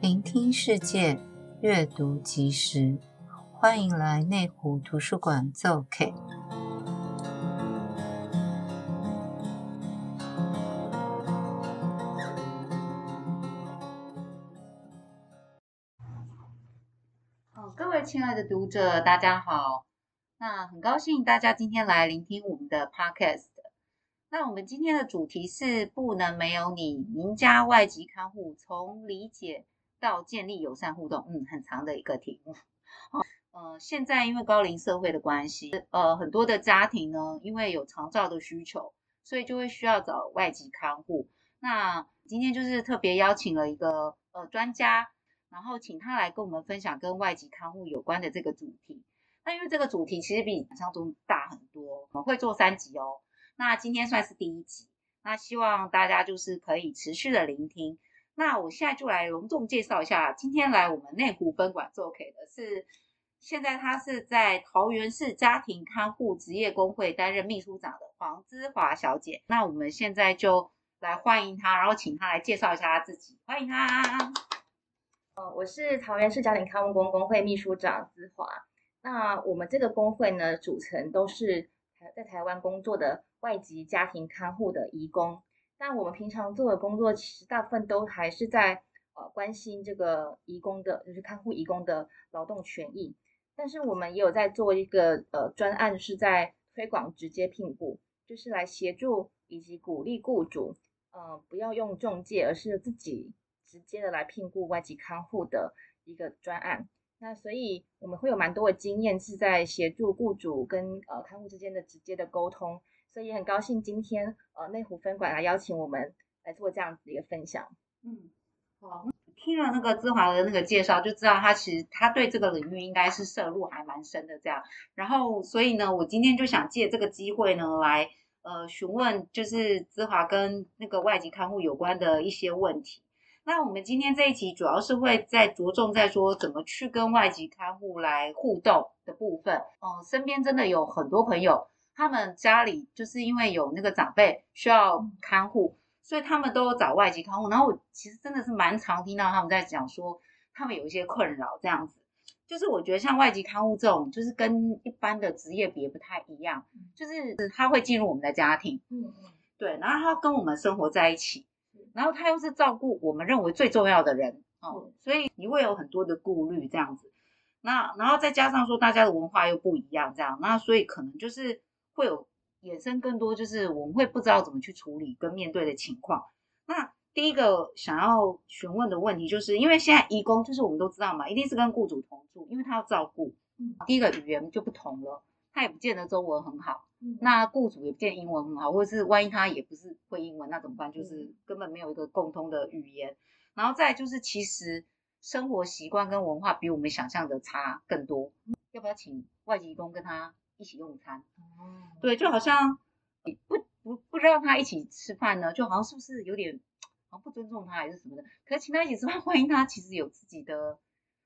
聆聽世界，閱讀即時，歡迎來內湖圖書館做客。好，各位親愛的讀者，大家好。那很高興大家今天來聆聽我們的 Podcast。那我們今天的主題是“不能沒有你”，您家外籍看護從理解。到建立友善互動，嗯，很長的一個題目。好，呃，現在因為高齡社會的關係，呃，很多的家庭呢，因為有長照的需求，所以就會需要找外籍看護。那今天就是特別邀請了一個呃專家，然後請他來跟我們分享跟外籍看護有關的這個主題。那因為這個主題其實比想象中大很多，我們會做三集哦。那今天算是第一集，那希望大家就是可以持續的聆聽。那我現在就來隆重介紹一下，今天來我們內湖分館做客的是，現在她是在桃園市家庭看護職業工會擔任秘書長的黃姿華小姐。那我們現在就來歡迎她，然後請她來介紹一下她自己。歡迎她。呃，我是桃園市家庭看護工工會秘書長姿華。那我們這個工會呢，組成都是在台灣工作的外籍家庭看護的移工。那我們平常做的工作，其實大部分都還是在呃關心這個移工的就是看護移工的勞動權益。但是我們也有在做一個呃專案，是在推廣直接聘雇，就是來協助以及鼓勵雇主，嗯、呃，不要用仲介，而是自己直接的來聘雇外籍看護的一個專案。那所以我們會有蠻多的經驗，是在協助雇主跟呃看護之間的直接的溝通。所以也很高興今天呃內湖分館來邀請我們來做這樣子一個分享。嗯，好，聽了那個姿華的那個介紹，就知道他其實他對這個領域應該是涉入還蠻深的這樣。然後所以呢，我今天就想借這個機會呢來呃詢問，就是姿華跟那個外籍看護有關的一些問題。那我們今天這一集主要是會在着重在說怎麼去跟外籍看護來互動的部分。哦、呃，身邊真的有很多朋友。他們家裡就是因為有那個長輩需要看護，所以他們都找外籍看護。然後我其實真的是蠻常聽到他們在講說，他們有一些困擾這樣子。就是我覺得像外籍看護這種，就是跟一般的職業別不太一樣，就是他會進入我們的家庭，嗯嗯，對，然後他跟我們生活在一起，然後他又是照顧我們認為最重要的人。所以你會有很多的顧慮這樣子。那然後再加上說大家的文化又不一樣這樣，那所以可能就是。會有衍生更多，就是我們會不知道怎麼去處理跟面對的情況。那第一個想要詢問的問題，就是因為現在移工，就是我們都知道嘛，一定是跟雇主同住，因為他要照顧。嗯、第一個語言就不同了，他也不見得中文很好。嗯、那雇主也不見英文很好，或者是萬一他也不是會英文，那怎麼辦？就是根本沒有一個共通的語言。嗯、然後再就是，其實生活習慣跟文化比我們想象的差更多。嗯、要不要請外籍工跟他？一起用餐，對，就好像不不不讓他一起吃飯呢，就好像是不是有點好像不尊重他還是什麼的？可是請他一起吃飯，萬一他其實有自己的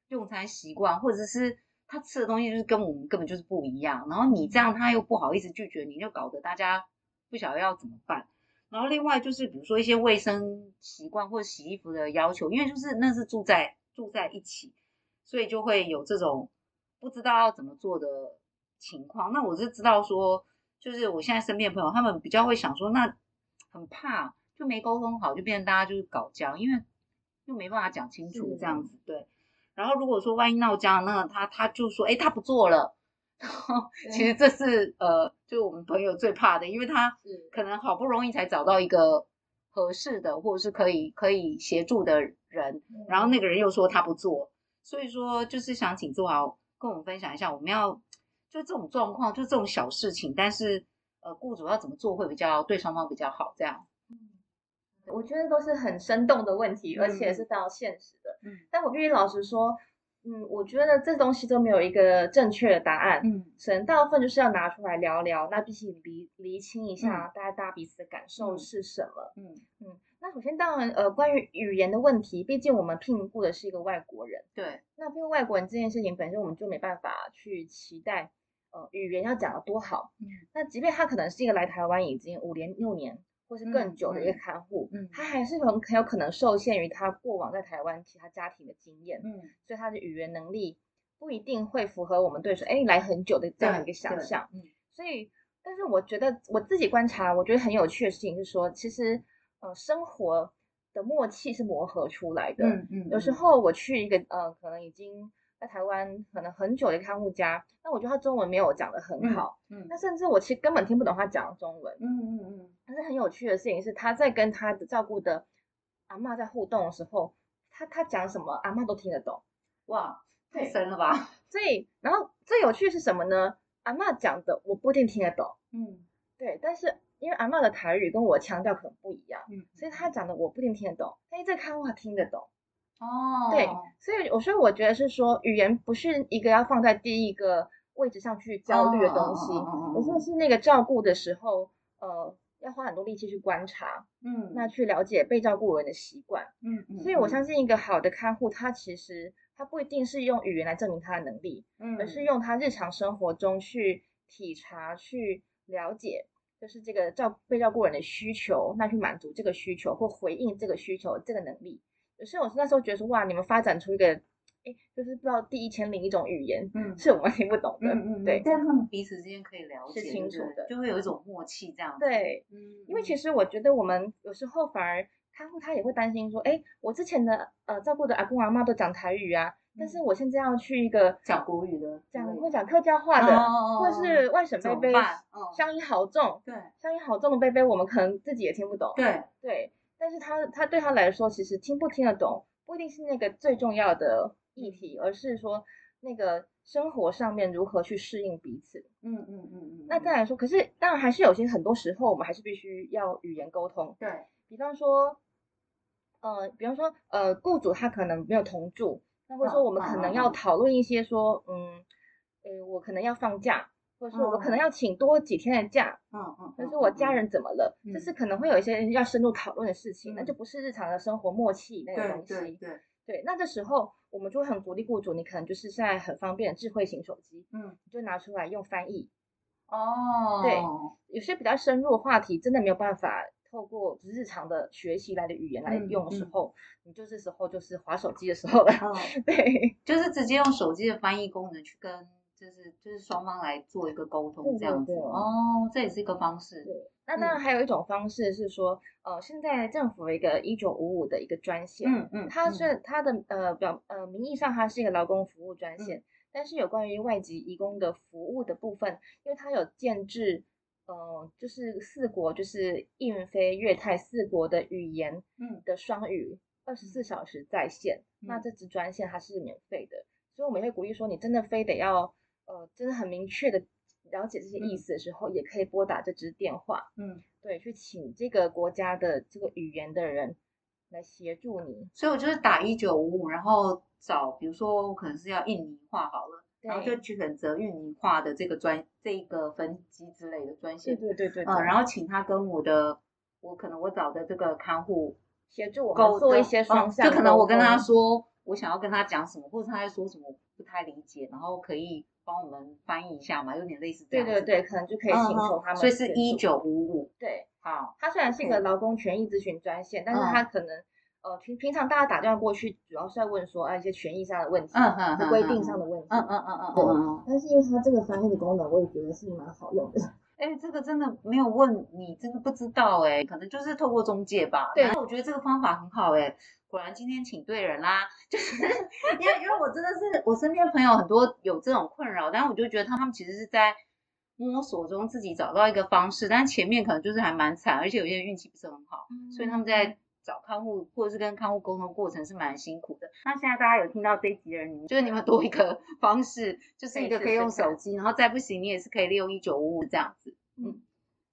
用餐習慣，或者是他吃的東西就是跟我們根本就是不一樣，然後你這樣他又不好意思拒絕，你就搞得大家不曉得要怎麼辦。然後另外就是比如說一些衛生習慣或者洗衣服的要求，因為就是那是住在住在一起，所以就會有這種不知道要怎麼做的。情況，那我是知道說，就是我現在身邊的朋友，他們比較會想說，那很怕，就沒溝通好，就變成大家就是搞僵，因為又沒辦法講清楚是的這樣子，對。然後如果說萬一鬧僵，僵，那他他就說，哎，他不做了。然後其實這是對呃，就我們朋友最怕的，因為他可能好不容易才找到一個合適的，或者是可以可以協助的人，嗯、然後那個人又說他不做，所以說就是想請姿華，跟我們分享一下，我們要。就這種狀況，就這種小事情，但是呃，雇主要怎麼做會比較對雙方比較好？這樣，嗯，我覺得都是很生動的問題，嗯、而且是非常現實的，嗯。但我必須老實說，嗯，我覺得這東西都沒有一個正確的答案，嗯，可能大部分就是要拿出來聊聊，嗯、那必須釐釐清一下、嗯、大家、大家彼此的感受是什麼，嗯嗯，嗯。那首先，當然呃，關於語言的問題，畢竟我們聘僱的是一個外國人，對，那聘外國人這件事情，本身我們就沒辦法去期待。呃，語言要講得多好，嗯，那即便他可能是一個來台灣已經五年、六年，或是更久的一個看護，嗯，嗯，他還是很很有可能受限於他過往在台灣其他家庭的經驗，嗯，所以他的語言能力不一定會符合我們對說，哎，嗯，誒你來很久的這樣一個想象，嗯，所以，但是我覺得我自己觀察，我覺得很有趣的事情是說，其實，呃，生活的默契是磨合出來的，嗯嗯，嗯有時候我去一個，呃，可能已經。在台灣可能很久的看護家，但我覺得他中文沒有講得很好。嗯。那、嗯、甚至我其實根本聽不懂他講的中文。嗯嗯嗯。但是很有趣的事情是，他在跟他的照顧的阿嬤在互動的時候，他他講什麼，阿嬤都聽得懂。哇，太神了吧！所以，然後最有趣的是什麼呢？阿嬤講的我不一定聽得懂。嗯。對，但是因為阿嬤的台語跟我腔調可能不一樣，所以他講的我不一定聽得懂，但一直看護他聽得懂。哦，對，所以我說，我覺得是說，語言不是一個要放在第一個位置上去焦慮的東西，哦哦哦、而是是那個照顧的時候，呃，要花很多力氣去觀察，嗯，那去了解被照顧人的習慣，嗯嗯，嗯所以我相信一個好的看護，他其實他不一定是用語言來證明他的能力，嗯，而是用他日常生活中去體察、去了解，就是這個照被照顧人的需求，那去滿足這個需求或回應這個需求，這個能力。所以我是那時候覺得說，哇，你們發展出一個，哎，就是不知道第一千零一種語言，嗯，是我們聽不懂的，嗯嗯，對，但他們彼此之間可以了解清楚的，就會有一種默契這樣。對，嗯，因為其實我覺得我們有時候反而，看護他也會擔心說，哎，我之前的呃照顧的阿公阿嬤都講台語啊，但是我現在要去一個講國語的，講會講客家話的，或者是外省輩輩鄉音好重，對，鄉音好重的輩輩，我們可能自己也聽不懂，對，對。但是他他對他來說，其實聽不聽得懂不一定是那個最重要的議題，而是說那個生活上面如何去適應彼此。嗯嗯嗯嗯。嗯嗯，那再來說，可是當然還是有些很多時候，我們還是必須要語言溝通。對，比方說，呃，比方說，呃，雇主他可能沒有同住，那或者說我們可能要討論一些說，嗯，呃，我可能要放假，或者說我可能要請多幾天的假，嗯嗯、哦，或是我家人怎麼了，就、嗯、是可能會有一些要深入討論的事情，嗯、那就不是日常的生活默契那個東西，對對，對，對，那這時候我們就會很鼓勵雇主，你可能就是現在很方便的智慧型手機，嗯，就拿出來用翻譯，哦，對，有些比較深入的話題，真的沒有辦法透過日常的學習來的語言來用的時候，嗯嗯、你就這時候就是滑手機的時候了，哦、 對，就是直接用手機的翻譯功能去跟。就是就是雙方來做一個溝通這樣子哦，oh, 這也是一個方式對。那當然還有一種方式是說，呃，現在政府有一個一九五五的一個專線，嗯嗯，嗯，它是它的呃表呃名義上它是一個勞工服務專線，嗯、但是有關於外籍移工的服務的部分，因為它有建制，呃，就是四國就是印非越泰四國的語言的雙語二十四小時在線。嗯、那這支專線它是免費的，所以我們會鼓勵說，你真的非得要。呃，真、就、的、是、很明確的了解這些意思的時候，也可以撥打這支電話，嗯，對，去請這個國家的這個語言的人來協助你。所以，我就是打一九五五，然後找，比如說，我可能是要印尼話好了，對然後就去選擇印尼話的這個專這個分機之類的專線，對對對對，對、嗯，然後請他跟我的，我可能我找的這個看護協助我做一些雙向勾勾、嗯，就可能我跟他說我想要跟他講什麼，或者他在說什麼不太理解，然後可以。幫我們翻譯一下嘛，有點類似這樣的。對對對，可能就可以請求他們的嗯嗯嗯嗯嗯嗯。所以是一九五五。對，好。它雖然是一個勞工權益諮詢專線，對但是它可能呃平平常大家打電話過去，主要是在問說啊一些權益上的問題，啊啊規定上的問題，嗯嗯，嗯嗯嗯嗯。但是因為它這個翻譯的功能，我也覺得是蠻好用的。哎、欸，這個真的沒有問你，真的不知道哎，可能就是透過中介吧。嗯、對，我覺得這個方法很好哎。果然今天請對人啦，啊，就是因為 因為我真的是我身邊朋友很多有這種困擾，但是我就覺得他們其實是在摸索中自己找到一個方式，但前面可能就是還蠻慘，而且有些人運氣不是很好，嗯，所以他們在找看護或者是跟看護溝通過程是蠻辛苦的。嗯，那現在大家有聽到這一集的人，就是你們多一個方式，就是一個可以用手機，試試，然後再不行你也是可以利用一九五五這樣子。嗯，嗯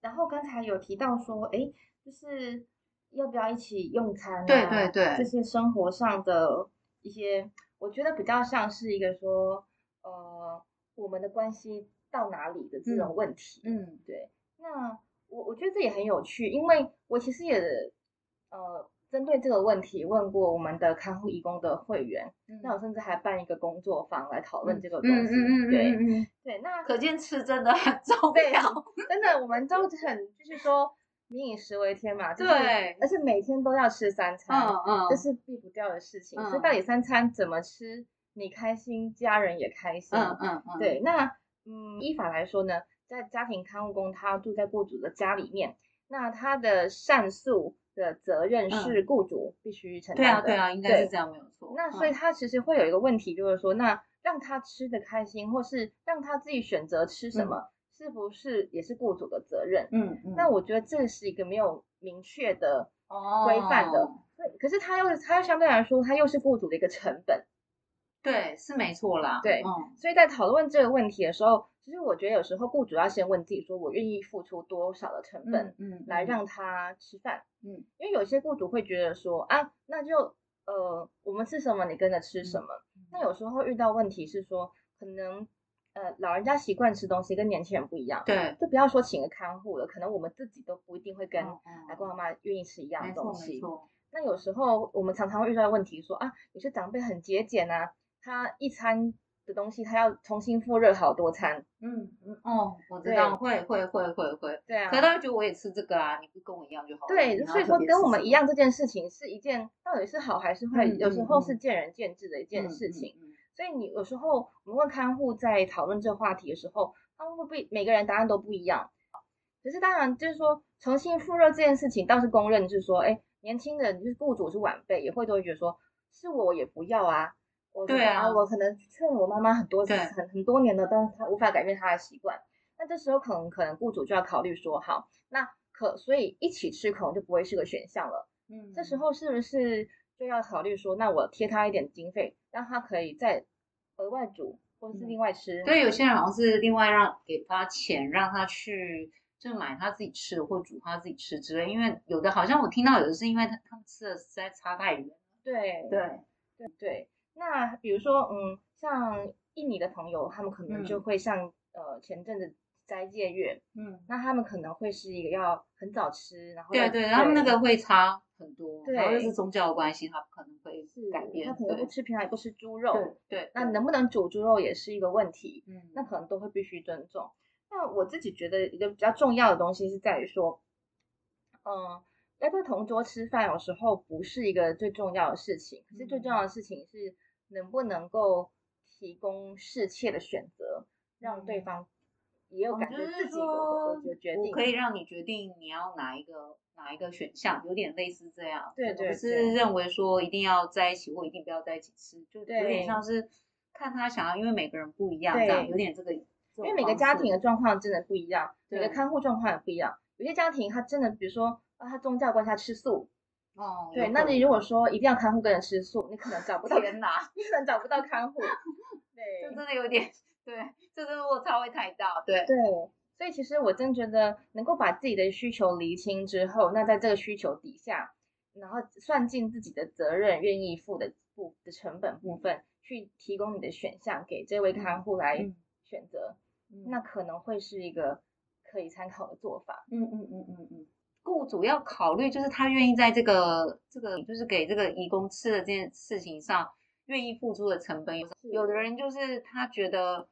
然後剛才有提到說，哎、欸，就是。要不要一起用餐，啊？對對對，這些生活上的一些，我覺得比較像是一個說，呃，我們的關係到哪裡的這種問題。嗯，嗯對。那我我覺得這也很有趣，因為我其實也，呃，針對這個問題問過我們的看護移工的會員，嗯、那我甚至還辦一個工作坊來討論這個東西。嗯，嗯，嗯，嗯對對，嗯對。那可見吃真的很重要，真的、啊， 我們都很就是說。民以食為天嘛，就是、對，而且每天都要吃三餐，嗯嗯，這是避不掉的事情。嗯、所以到底三餐怎麼吃，你開心，家人也開心，嗯嗯，嗯對。那嗯，依法來說呢，在家庭看護工他住在雇主的家裡面，那他的膳食的責任是雇主、嗯、必須承擔的。對啊，對啊，應該是這樣，對沒有錯。那所以他其實會有一個問題，嗯、就是說，那讓他吃的開心，或是讓他自己選擇吃什麼。嗯是不是也是雇主的責任？嗯，嗯。那我覺得這是一個沒有明確的規範的、哦，可是他又，他又相對來說，他又是雇主的一個成本。對，嗯、是沒錯啦。對，嗯、所以在討論這個問題的時候，其實我覺得有時候雇主要先問自己說：我願意付出多少的成本，嗯，來讓他吃飯、嗯，嗯。因為有些雇主會覺得說啊，那就呃，我們吃什麼，你跟着吃什麼。嗯嗯、那有時候遇到問題是說，可能。呃，老人家習慣吃東西跟年輕人不一樣，對，就不要說請個看護了，可能我們自己都不一定會跟阿公、阿嬤願意吃一樣的東西。那有時候我們常常會遇到問題，說啊，有些長輩很節儉啊，他一餐的東西他要重新復熱好多餐。嗯嗯哦，我知道，會會會會會。對啊。可是他覺得我也吃這個啊，你不跟我一樣就好了。對，所以說跟我們一樣這件事情是一件到底是好還是壞，有時候是見仁見智的一件事情。所以你有時候我們問看護，在討論這個話題的時候，他、啊、們會不會每個人答案都不一樣。可是當然就是說，重新復熱這件事情倒是公認，就是說，哎，年輕人，就是雇主是晚輩也會都會覺得說是我也不要啊，我對啊，啊，我可能勸了我媽媽很多次很對很多年了，但是她無法改變她的習慣。那這時候可能可能雇主就要考慮說，好，那可所以一起吃可能就不會是個選項了。嗯，這時候是不是？就要考慮說，那我貼他一點經費，讓他可以再額外煮，或者是另外吃。嗯、還是對，有些人好像是另外讓給他錢，讓他去就買他自己吃的，或煮他自己吃之類。因為有的好像我聽到有的是因為他他們吃的實在差太遠。對對對對。那比如說，嗯，像印尼的朋友，他們可能就會像、嗯、呃前陣子。齋戒月，嗯，那他們可能會是一個要很早吃，然後對對，他們那個會差很多，對，然後又是宗教的關係，他可能會是改變，他可能不吃平常也不吃豬肉，對，那能不能煮豬肉也是一個問題，嗯，那可能都會必須尊重。那我自己覺得一個比較重要的東西是在於說，嗯，要不同桌吃飯有時候不是一個最重要的事情，可是最重要的事情是能不能夠提供適切的選擇，讓對方。也有就是說，我可以讓你決定你要哪一個哪一個選項，有點類似這樣。對對對。不是認為說一定要在一起，或一定不要在一起吃，就有點像是看他想要，因為每個人不一樣，這樣有點這個。因為每個家庭的狀況真的不一樣，每個看護狀況也不一樣。有些家庭他真的，比如說啊，他宗教觀下吃素。哦。對，那你如果說一定要看護個人吃素，你可能找不到人吶，可能找不到看護。對。真的有點。對，這個落差會太大。對對，所以其實我真覺得，能夠把自己的需求釐清之後，那在這個需求底下，然後算盡自己的責任，嗯、願意付的部的成本部分，嗯、去提供你的選項給這位看護來選擇，嗯、那可能會是一個可以參考的做法。嗯嗯嗯嗯嗯，嗯嗯嗯嗯雇主要考慮就是他願意在這個這個就是給這個移工吃的這件事情上。願意付出的成本有，有的人就是他覺得，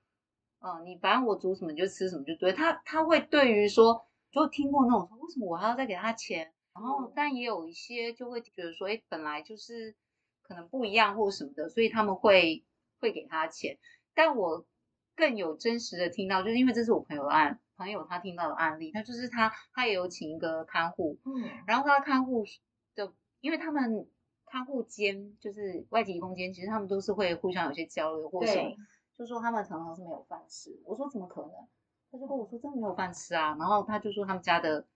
嗯、呃，你反正我煮什麼就吃什麼就對。他他會對於說，就聽過那種說，為什麼我還要再給他錢？然後但也有一些就會覺得說，哎，本來就是可能不一樣或什麼的，所以他們會會給他錢。但我更有真實的聽到，就是因為這是我朋友的案，朋友他聽到的案例，他就是他他也有請一個看護，嗯，然後他的看護的，就因為他們。看護間就是外籍空間，其實他們都是會互相有些交流，或什麼。對就說他們常常是沒有飯吃。我說怎麼可能？他就跟我說真的沒有飯吃啊。然後他就說他們家的，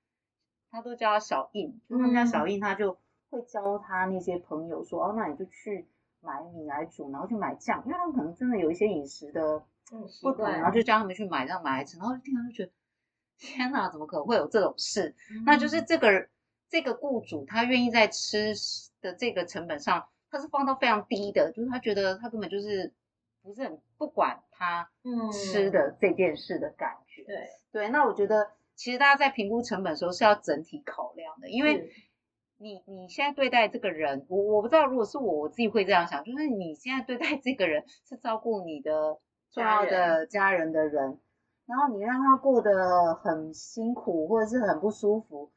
他都叫他小印，就、嗯、他們家小印，他就會教他那些朋友說，哦，那你就去買米來煮，然後去買醬，因為他們可能真的有一些飲食的習慣。的然後就教他們去買這樣買來吃。然後聽他常就覺得，天哪、啊，怎麼可能會有這種事？嗯、那就是這個這個雇主他願意在吃，的這個成本上，他是放到非常低的，就是他覺得他根本就是不是很不管他吃的這件事的感覺。嗯，對對，那我覺得其實大家在評估成本的時候是要整體考量的，因為你你現在對待這個人，我我不知道，如果是我我自己會這樣想，就是你現在對待這個人是照顧你的重要的家人，家人，家人的人，然後你讓他過得很辛苦或者是很不舒服。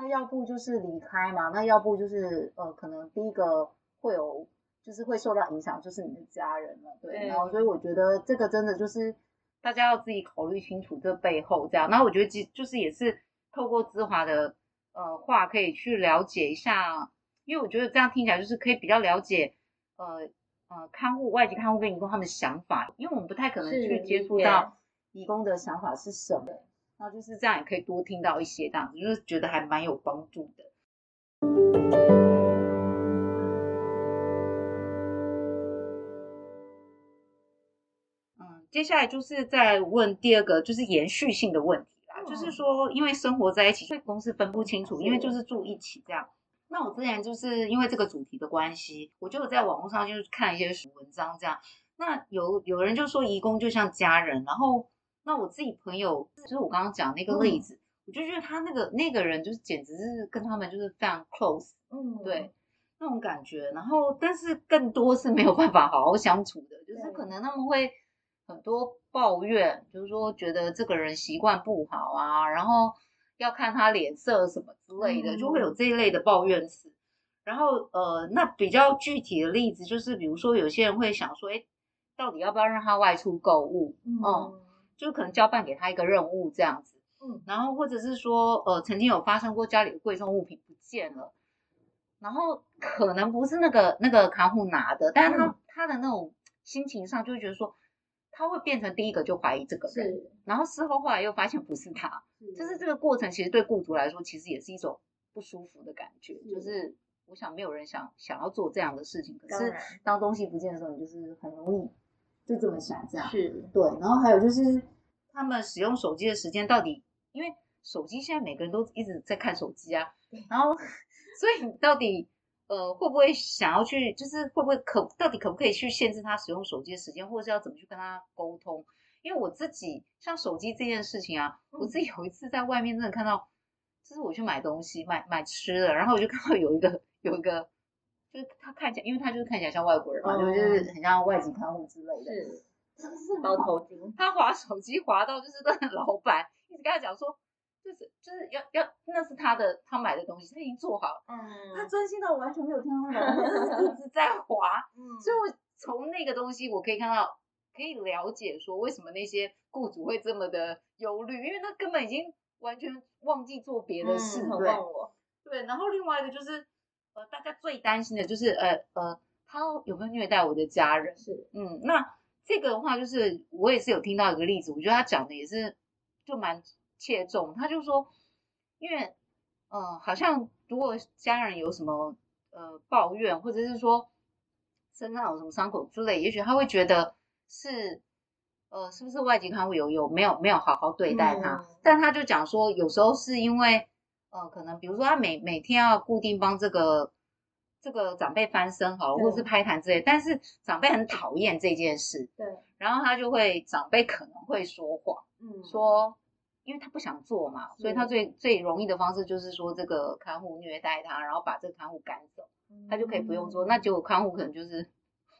那要不就是離開嘛，那要不就是呃，可能第一個會有，就是會受到影響，就是你的家人了，對。欸、然後，所以我覺得這個真的就是大家要自己考慮清楚這背後這樣。那我覺得就就是也是透過姿華的呃話可以去了解一下，因為我覺得這樣聽起來就是可以比較了解呃呃看護外籍看護跟移工他們的想法，因為我們不太可能去接觸到移工的想法是什麼。那就是這樣，也可以多聽到一些，這樣就是覺得還蠻有幫助的。嗯，接下來就是再問第二個，就是延續性的問題啦，嗯、就是說，因為生活在一起，所以公私分不清楚，因為就是住一起這樣。嗯、那我之前就是因為這個主題的關係，我就在網絡上就是看一些文章這樣。那有有人就說，移工就像家人，然後。那我自己朋友，就是我剛剛講那個例子，嗯、我就覺得他那個那個人就是簡直是跟他們就是非常 close，嗯，對，那種感覺。然後，但是更多是沒有辦法好好相處的，就是可能他們會很多抱怨，就是說覺得這個人習慣不好啊，然後要看他臉色什麼之類的，嗯、就會有這一類的抱怨事。然後，呃，那比較具體的例子就是，比如說有些人會想說，哎，到底要不要讓他外出購物？嗯。嗯就可能交辦給他一個任務這樣子，嗯，然後或者是說，呃，曾經有發生過家裡的貴重物品不見了，然後可能不是那個那個看護拿的，但是他、嗯、他的那種心情上就會覺得說，他會變成第一個就懷疑這個人，是然後事後後來又發現不是他，嗯、就是這個過程其實對雇主來說其實也是一種不舒服的感覺，嗯、就是我想沒有人想想要做這樣的事情，可是當東西不見的時候，你就是很容易。就這麼想，這樣是對。然後還有就是，他們使用手機的時間到底，因為手機現在每個人都一直在看手機啊。然後，所以你到底呃會不會想要去，就是會不會可到底可不可以去限制他使用手機的時間，或者是要怎麼去跟他溝通？因為我自己像手機這件事情啊，我自己有一次在外面真的看到，就是我去買東西買買吃的，然後我就看到有一個有一個。就是他看起來，因為他就是看起來像外國人嘛，就是、嗯、就是很像外籍看護之類的。是，是。包頭巾。他滑手機滑到，就是他的老板一直跟他講說，就是就是要要，那是他的，他買的東西，他已經做好了。嗯。他專心到我完全沒有聽到的 他的一直在滑。嗯、所以我從那個東西，我可以看到，可以了解說為什麼那些雇主會這麼的憂慮，因為他根本已經完全忘記做別的事了。嗯、對,對，然後另外一個就是。大家最擔心的就是，呃呃，他有沒有虐待我的家人？是，嗯，那這個的話，就是我也是有聽到一個例子，我覺得他講的也是就蠻切中。他就說，因為，嗯、呃，好像如果家人有什麼呃抱怨，或者是說身上有什麼傷口之類，也許他會覺得是，呃，是不是外籍看護有有沒有沒有好好對待他？嗯、但他就講說，有時候是因為。呃，可能比如說他每每天要固定幫這個這個長輩翻身哈，對或者是拍痰之類的，但是長輩很討厭這件事，對。然後他就會，長輩可能會說謊，嗯，說，因為他不想做嘛，嗯、所以他最最容易的方式就是說這個看護虐待他，然後把這個看護趕走，嗯、他就可以不用做。那結果看護可能就是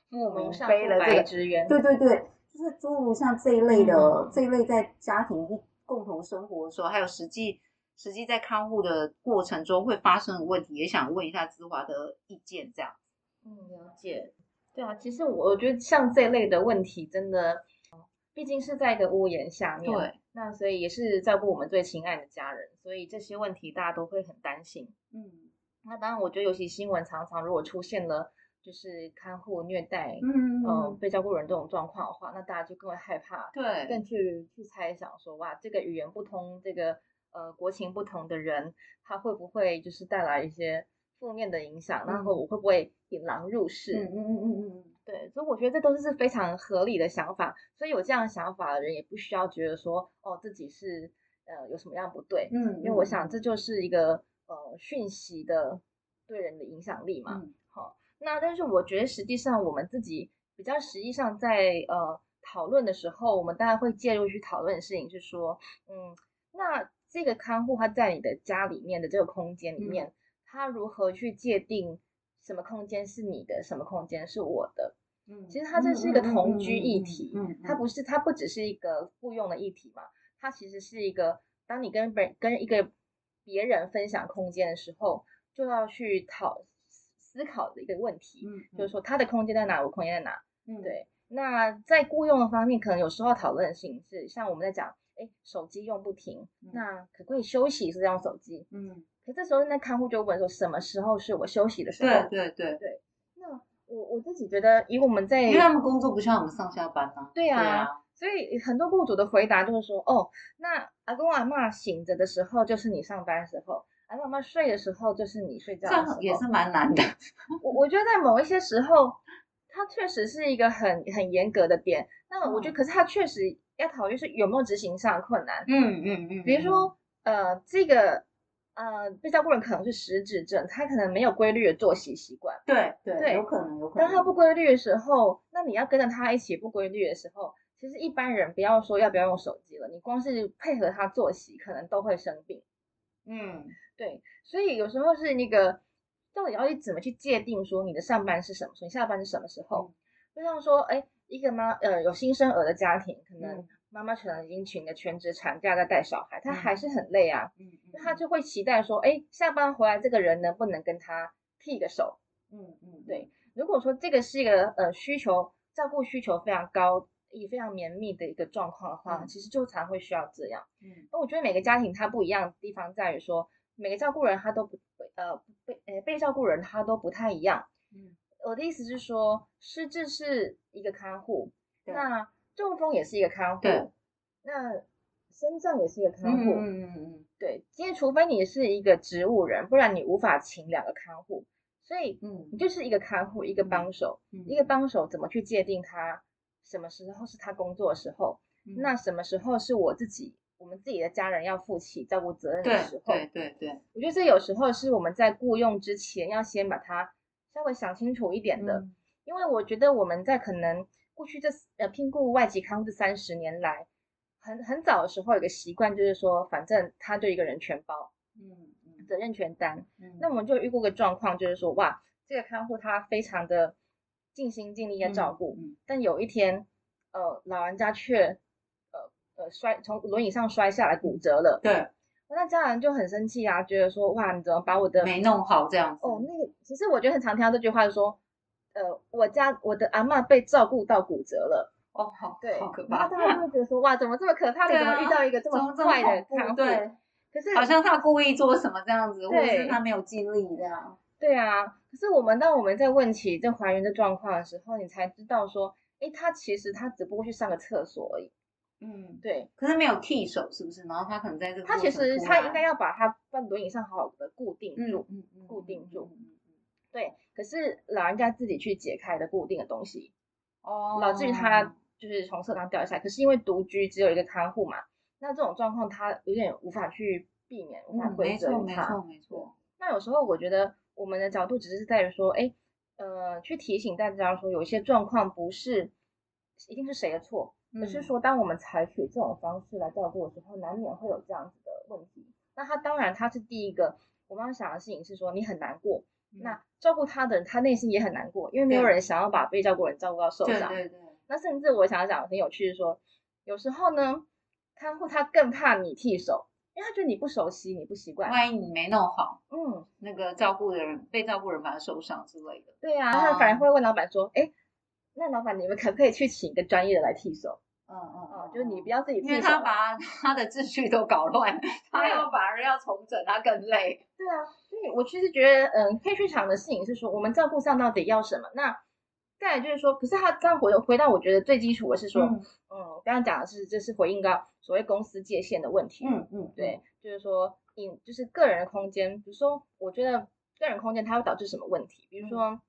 莫名上飛了這被支援，對對對，就是諸如像這一類的，這一類在家庭共同生活的時候，還有實際。嗯嗯實際在看護的過程中會發生的問題，也想問一下姿華的意見，這樣。嗯，了解。對啊，其實我覺得像這類的問題，真的、嗯，畢竟是在一個屋檐下面。對。那所以也是照顧我們最親愛的家人，所以這些問題大家都會很擔心。嗯。那當然，我覺得尤其新聞常常如果出現了就是看護虐待，嗯，嗯，嗯，被照顧人這種狀況的話，那大家就更會害怕。對。更去去猜想說，哇，這個語言不通，這個。呃，國情不同的人，他會不會就是帶來一些負面的影響？嗯、然後我會不會引狼入室、嗯？嗯嗯嗯嗯嗯，嗯對，所以我覺得這都是非常合理的想法。所以有這樣想法的人也不需要覺得說，哦，自己是呃有什麼樣不對。嗯，嗯因為我想這就是一個呃訊息的對人的影響力嘛。嗯、好，那但是我覺得實際上我們自己比較實際上在呃討論的時候，我們當然會介入去討論的事情是說，嗯，那。這個看護它在你的家裡面的這個空間裡面，嗯、它如何去界定什麼空間是你的，什麼空間是我的？嗯、其實它這是一個同居議題，它不是，它不只是一個僱傭的議題嘛，它其實是一個，當你跟別跟一個別人分享空間的時候，就要去討思考的一個問題，嗯嗯、就是說他的空間在哪，我空間在哪？嗯、對。那在僱傭的方面，可能有時候討論性是像我們在講。哎，手機用不停，嗯、那可不可以休息？是用手機？嗯，可這時候那看護就問說，什麼時候是我休息的時候？對對對，對那我我自己覺得，以我們在，因為他們工作不像我們上下班啊。對啊。對啊，所以很多雇主的回答就是說，哦，那阿公阿嬤醒着的時候就是你上班的時候，阿公阿嬤睡的時候就是你睡覺的時候。這樣也是蠻難的。 我我覺得在某一些時候，它確實是一個很很嚴格的點。那我覺得，可是它確實。要考慮是有沒有執行上的困難，嗯嗯嗯，嗯嗯比如說，呃，這個，呃，被照顧人可能是失智症，他可能沒有規律的作息習慣，嗯、對對有，有可能有可能。當他不規律的時候，那你要跟着他一起不規律的時候，其實一般人不要說要不要用手機了，你光是配合他作息，可能都會生病。嗯，對，所以有時候是那個，到底要去怎麼去界定說你的上班是什麼時候，你下班是什麼時候？嗯、就像說，哎、欸。一個媽，呃，有新生兒的家庭，可能媽媽可能因為請的全職產假在帶小孩，嗯、她還是很累啊，嗯，嗯她就會期待說，哎，下班回來這個人能不能跟她替個手，嗯嗯，嗯嗯對，如果說這個是一個呃需求，照顧需求非常高，也非常綿密的一個狀況的話，嗯、其實就才會需要這樣，嗯，那我覺得每個家庭它不一樣的地方在於說，每個照顧人他都不呃被呃，被，呃被照顧人他都不太一樣，嗯。我的意思是說，失智是一個看護，對那中風也是一個看護，對那心臟也是一個看護，嗯嗯嗯、對，因為除非你是一個植物人，不然你無法請兩個看護，所以你就是一個看護，嗯、一個幫手，嗯、一個幫手怎麼去界定他什麼時候是他工作的時候，嗯、那什麼時候是我自己我們自己的家人要負起照顧責任的時候？對對對，對對對我覺得這有時候是我們在雇傭之前要先把他。稍微想清楚一點的，嗯、因為我覺得我們在可能過去這呃聘雇外籍看護這三十年來，很很早的時候有個習慣，就是說反正他對一個人全包，嗯責任全擔，嗯，嗯那我們就遇過個狀況，就是說哇，這個看護他非常的盡心盡力在照顧，嗯嗯、但有一天，呃老人家卻呃呃摔從輪椅上摔下來骨折了，對。那家人就很生氣啊，覺得說哇，你怎麼把我的沒弄好這樣子？哦，oh, 那個其實我覺得很常聽到這句話就說，說呃，我家我的阿嬤被照顧到骨折了。哦，好，對，好可怕。然後他大家都會覺得說 Yeah. 哇，怎麼這麼可怕的？你、啊、怎麼遇到一個這麼壞的？麼麼對，對可是好像他故意做什麼這樣子，或者對是他沒有盡力這樣。對啊，可是我們當我們在問起這還原的狀況的時候，你才知道說，誒、欸，他其實他只不過去上個廁所而已。嗯，對，可是沒有替手，是不是？嗯、然後他可能在這個他其實他應該要把他在輪椅上好好的固定住，嗯嗯嗯、固定住。嗯嗯嗯嗯、對，可是老人家自己去解開的固定的東西，哦，導致於他就是從車上掉下來，可是因為獨居只有一個看護嘛，那這種狀況他有點無法去避免，無法規避。沒錯，沒錯，沒錯。那有時候我覺得我們的角度只是在於說，哎，呃，去提醒大家說，有些狀況不是一定是誰的錯。可是說，當我們採取這種方式來照顧的時候，嗯、難免會有這樣子的問題。那他當然，他是第一個，我剛剛想的事情是說，你很難過。嗯、那照顧他的人，他內心也很難過，因為沒有人想要把被照顧人照顧到受傷。對對對。那甚至我想要講很有趣，是說，有時候呢，看護他更怕你替手，因為他覺得你不熟悉，你不習慣，萬一你沒弄好，嗯，那個照顧的人對被照顧人把他受傷之類的。對啊。他反而會問老板說，哎、嗯。欸那老闆，你們可不可以去請一個專業的來替手？嗯嗯嗯，嗯嗯，就是你不要自己，因為他把他的秩序都搞亂，對他要反而要重整，他更累。對啊，所、嗯、以我其實覺得，嗯，黑市場的事情是說，我們照顧上到底要什麼？那再就是說，可是他這樣回回到，我覺得最基礎的是說，嗯，我、嗯、剛剛講的是，這是回應到所謂公司界限的問題。嗯嗯，嗯對，就是說，你就是個人的空間，比如說，我覺得個人空間它會導致什麼問題？比如說，嗯、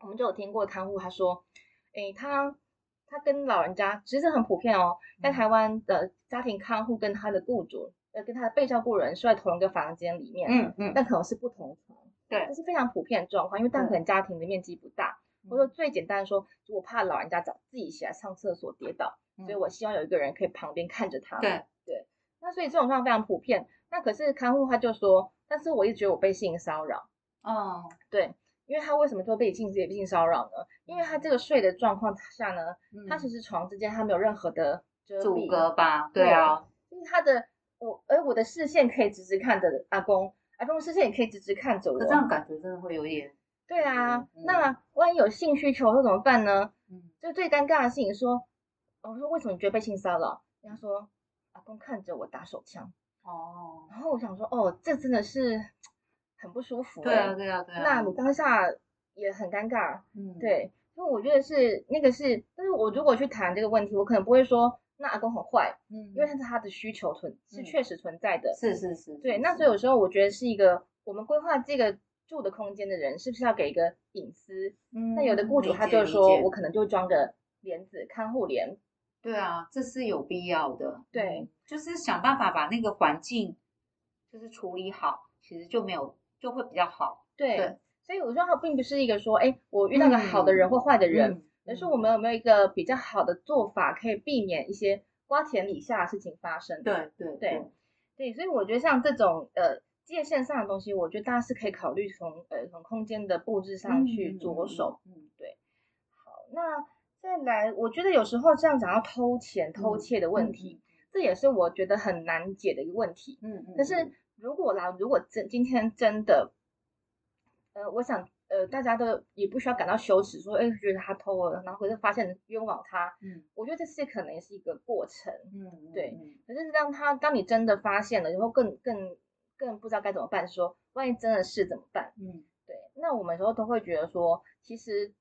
我們就有聽過看護他說。誒，他他跟老人家其實很普遍哦，在台灣的家庭看護跟他的雇主，呃，跟他的被照顧人是在同一個房間裡面，嗯嗯，但可能是不同床，對，這是非常普遍的狀況，因為但可能家庭的面積不大，或者說最簡單的說，我怕老人家早自己起來上廁所跌倒，所以我希望有一個人可以旁邊看着他，對對，那所以這種狀況非常普遍，那可是看護他就說，但是我一直覺得我被性騷擾，哦，對。因為他為什麼說被性侵、被性騷擾呢？因為他這個睡的狀況下呢，嗯、他其實床之間他沒有任何的阻隔吧？對，對啊，就是他的我，而我的視線可以直直看着阿公，阿公的視線也可以直直看着我，這樣感覺真的會有點……對啊，嗯嗯、那萬一有性需求會怎麼辦呢？嗯，就最尷尬的事情說，我說為什麼你覺得被性騷擾？人家說阿公看着我打手槍哦，然後我想說哦，這真的是。很不舒服、欸，對啊，對啊，對啊。啊、那你當下也很尷尬，嗯，對，因為我覺得是那個是，但是我如果去談這個問題，我可能不會說那阿公很壞，嗯，因為他是他的需求存是確實存在的，嗯、是是是，是，對。是是那所以有時候我覺得是一個是是我們規劃這個住的空間的人，是不是要給一個隱私？嗯，那有的雇主他就說理解理解我可能就裝個簾子看，看護簾。對啊，這是有必要的，對，就是想辦法把那個環境就是處理好，其實就沒有。就會比較好，對，對，所以我說它並不是一個說，哎，我遇到個好的人或壞的人，嗯、而是我們有沒有一個比較好的做法，可以避免一些瓜田李下的事情發生。對對對對，所以我覺得像這種呃界限上的東西，我覺得大家是可以考慮從呃從空間的佈置上去着手。嗯，對。好，那再來，我覺得有時候這樣講到偷錢偷竊的問題，嗯、這也是我覺得很難解的一個問題。嗯嗯，可、嗯、是。如果啦，如果真今天真的，呃，我想，呃，大家都也不需要感到羞恥，說，哎、欸，覺得他偷了，然後回頭發現冤枉他，嗯，我覺得這事可能也是一個過程，嗯，對。可是當他，當你真的發現了以後，更更更不知道該怎麼辦，說，萬一真的是怎麼辦？嗯，對。那我們時候都會覺得說，其實，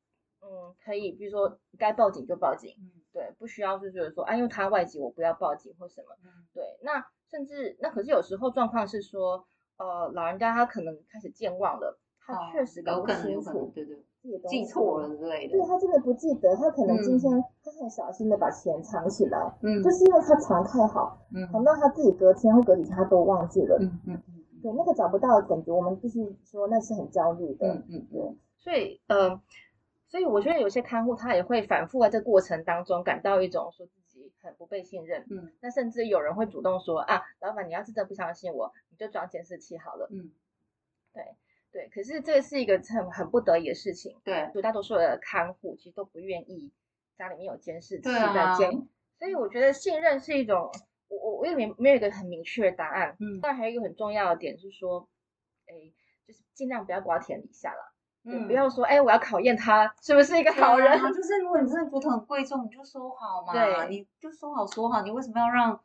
嗯，可以，比如說該報警就報警，嗯、對，不需要就是說，哎、啊，因為他外籍，我不要報警或什麼，嗯、對，那。甚至那可是有時候狀況是說，呃，老人家他可能開始健忘了，他確實搞不清楚，哦、對對，記錯了之類的對。對，他真的不記得，他可能今天、嗯、他很小心的把錢藏起來，嗯，就是因為他藏太好，嗯，藏到他自己隔天或隔幾天他都忘記了，嗯嗯，嗯對，那個找不到的感覺，我們必須說那是很焦慮的，嗯嗯對。所以呃，所以我覺得有些看護他也會反復在這過程當中感到一種說。很不被信任，嗯，那甚至有人會主動說啊，老闆，你要是真的不相信我，你就裝監視器好了，嗯，對對，可是這個是一個很很不得已的事情，對，就大多數的看護其實都不願意家裡面有監視器在監，對啊、所以我覺得信任是一種，我我我也沒有沒有一個很明確的答案，嗯，但還有一個很重要的點就是說，哎、欸，就是盡量不要瓜田李下啦。嗯、不要說，哎，我要考驗他是不是一個好人。嗯、 就是如果你真的覺得很貴重，你就收好嘛，對你就收好收好，你為什麼要讓，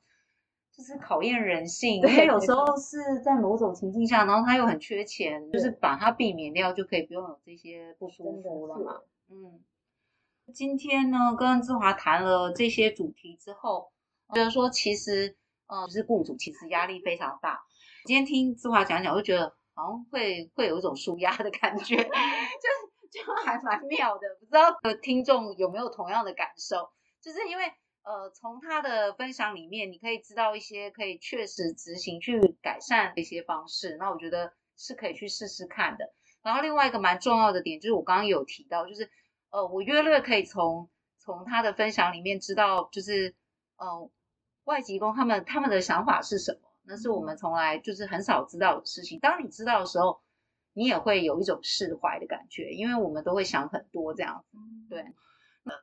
就是考驗人性？因為對吧有時候是在某種情境下，然後他又很缺錢，對就是把它避免掉，就可以不用有這些不舒服了嘛。嗯，今天呢，跟姿華談了這些主題之後，覺得說其實，呃、嗯，就是雇主其實壓力非常大。 今天聽姿華講講，我就覺得。好像會會有一種舒壓的感覺， 就就還蠻妙的，不知道呃聽眾有沒有同樣的感受？就是因為呃從他的分享裡面，你可以知道一些可以確實執行去改善的一些方式，那我覺得是可以去試試看的。然後另外一個蠻重要的點就是我剛剛有提到，就是呃我約略可以從從他的分享裡面知道，就是呃外籍工他們他們的想法是什麼。那是我們從來就是很少知道的事情。當你知道的時候，你也會有一種釋懷的感覺，因為我們都會想很多這樣子。對，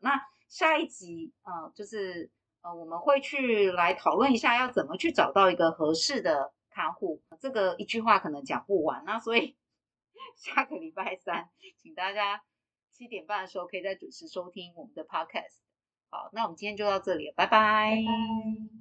那下一集啊、呃，就是呃，我們會去來討論一下要怎麼去找到一個合適的看護。這個一句話可能講不完、啊，那所以下個禮拜三，請大家七點半的時候可以再準時收聽我們的 podcast。好，那我們今天就到這裡了，拜拜。拜拜。